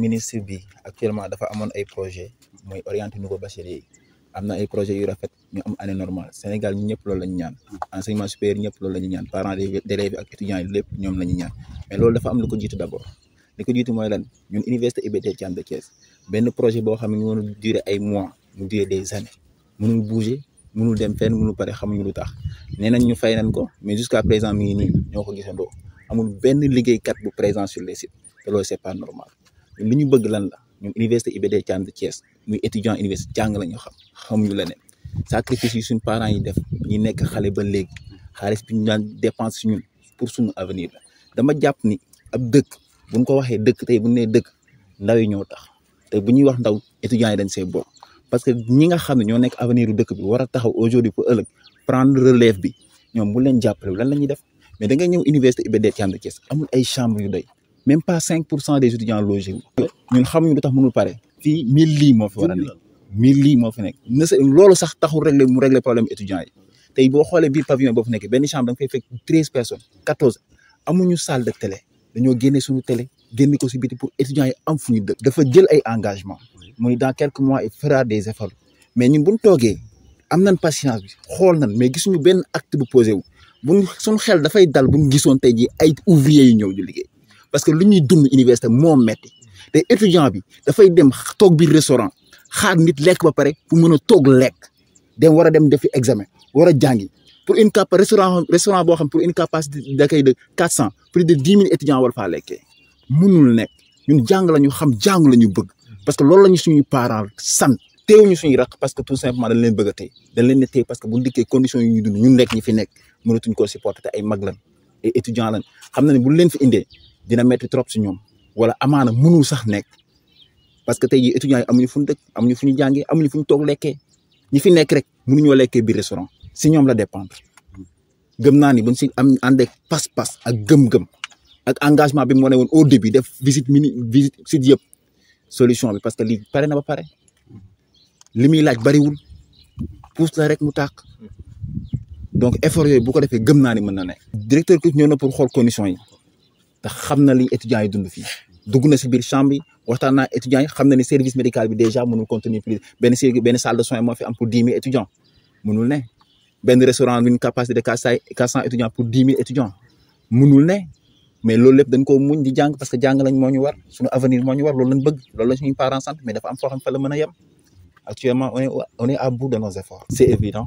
ministre bi actuellement dafa amoon ay projet mooy orienter nouveau bachelier yi am na ay projet yu rafet ñu am année normale Sénégal ñu ñëpp loolu la ñu ñaan enseignement supérieur ñëpp loolu la ñu ñaan parents d'élèves ak étudiants yi lépp ñoom la ñaan mais loolu dafa am lu ko jiitu d'abord li ko jiitu mooy lan ñun université IBT Thiam de Thiès benn projet boo xam ne ñu mënul durer ay mois mu durer des années mënul bouger mënul dem fenn mënul pare xamuñu lu tax nee nañ ñu fay nañ ko mais jusqu'à présent mi ngi nii ñoo ko gisandoo amul benn liggéeykat bu présent sur les sites te loolu ñu bëgg lan la ñun université IBD Thiam de Thiès muy étudiant université jàng la ñu xam xamuñu leneen sacrifice yi suñu parent yi def ñu nekk xale ba léegi xaalis bi ñu daan dépense suñu pour suñu avenir la dama jàpp ni ab dëkk bu ñu ko waxee dëkk tey bu ñu nee dëkk ndaw yi ñoo tax te bu ñuy wax ndaw étudiants yi dañ see bokk parce que ñi nga xam ne ñoo nekk avenir u dëkk bi war a taxaw aujourd'hui pour ëllëg prendre relève bi ñoom mu leen jàppale lan la ñuy def mais da ngay ñëw université IBD Thiam de Thiès ay chambre yu doy même pas cinq cent des étudiants logés ñun xamuñu lu tax mënul pare fii mille lii moo fi war nekk mille moo fi nekk na loolu sax taxul régler mu régler problème étudiant yi tey boo xoolee bi pavillon boo fi nekkee benn chambre da nga fay fekk treize personnes quatorze amuñu salle de télé dañoo génne suñu tele génne ko si biti pour étudiants yi am fu ñu dëkk dafa jël ay engagement muy dans quelques mois il fera des efforts mais ñun buñ toogee am nañ patience bi xool nañ mais gisuñu benn acte bu posé wu buñ suñu xel dafay dal buñ gisoon tey ji ay ouvriers yu ñëw di liggéey parce que lu ñuy dund université moo metti te étudiant bi dafay dem toog biir restaurant xaar nit lekk ba pare pour mën a toog lekk dem war a dem defi examen war a jàngi pour une capa restaurant boo xam pour une capacité d'accueil de quatre cent plus de dix mille étudiants war faa lekkee nekk ñun jàng la ñu xam jàng la ñu bëgg parce que loolu la ñu suñuy parents sant teewuñu suñuy raq parce que tout simplement dañ leen bëgg a téye dañ leen ne téye parce que bu dikkee conditions ñu dund ñun nekk ñi fi nekk mënatuñ koo mag lan ay étudiants lan xam na ne bu leen fi indee dina métti trop si ñoom wala amaana mënul sax nekk parce que tey jii étudiants yi amuñu fu ñu dëkk amuñu fu ñu jàngee amuñu fu ñu toog lekkee ñi fi nekk rek mënuñoo lekkee biir restaurant si ñoom la dépendre gëm naa ni buñ si am ànd ak pas-pas ak gëm-gëm ak engagement bi mu wane woon au début def visite mini visite site yëpp solution bi parce que lii pare na ba pare li muy laaj bariwul pousse la rek mu tàkk donc effort yooyu bu ko defee gëm naa ni mën na nekk. directeur kii ñëw na pour xool condition yi te xam na li étudiants yi dund fii. dugg na si biir chambre yi waxtaan na étudiants xam na ne service médical bi déjà mënul contenir plus benn benn salle de soins moo fi am pour dix mille étudiants mënul ne benn restaurant bi capacité de quatre pour dix mille étudiants ne mais loolu lépp dañ ko muñ di jàng parce que jàng lañ moo ñu war suñu avenir moo ñu war loolu lañ bëgg loolu lañ parents sant mais dafa am foo xam a yem actuellement on est on est à bout de nos efforts. c' évident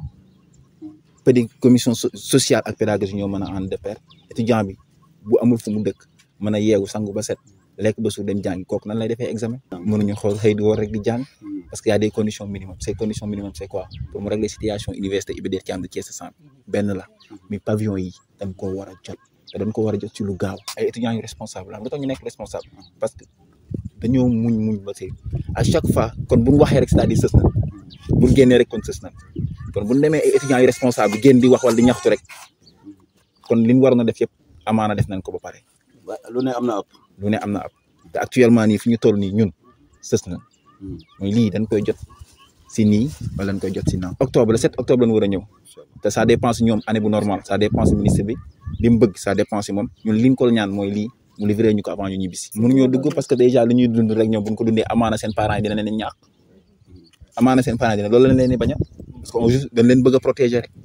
pédi commission sociale ñoo mën a ànd de pair bi bu amul fu mu dëkk mën a yeewu sangu ba set. lekk ba suur dem jàngi kooku nan lay defee examen mënuñu xool xëy di war di jàng hmm. parce que y a des conditions minimum ces conditions minimum c'est mu régler de Thiès centre benn la hmm. mais pavillon yi dañ ko war a jot te ko war jot ci lu gaaw ay étudiants yu responsable la lu tax ñu nekk responsable hmm. parce que dañoo muñ muñ ba see à chaque fois kon buñ waxee rek c'est-à-dire sës na buñ génnee rek kon sës na kon buñ demee ay étudiants yu responsable di wax wala di ñaxtu rek kon liñ war na def yëpp amaana def nañ ko ba pare lu ne am na ab te ni nii fi ñu nii ñun sës na mooy lii dañ koy jot si nii wala dañ koy jot si naa octobre le 7 octobre lañ war a ñëw te ça dépense ñoom année bu normal ça dépense ministre bi li mu bëgg dépense moom ñun liñ ko ñaan mu livré ñu ko avant ñu ñibbisi mënuñoo dugg parce que déjà li ñuy rek ñoom buñ ko dundee amaana seen parents yi dina leen ñaax amaana seen dina loolu lañ leen baña parce que on juste dañ leen bëgg a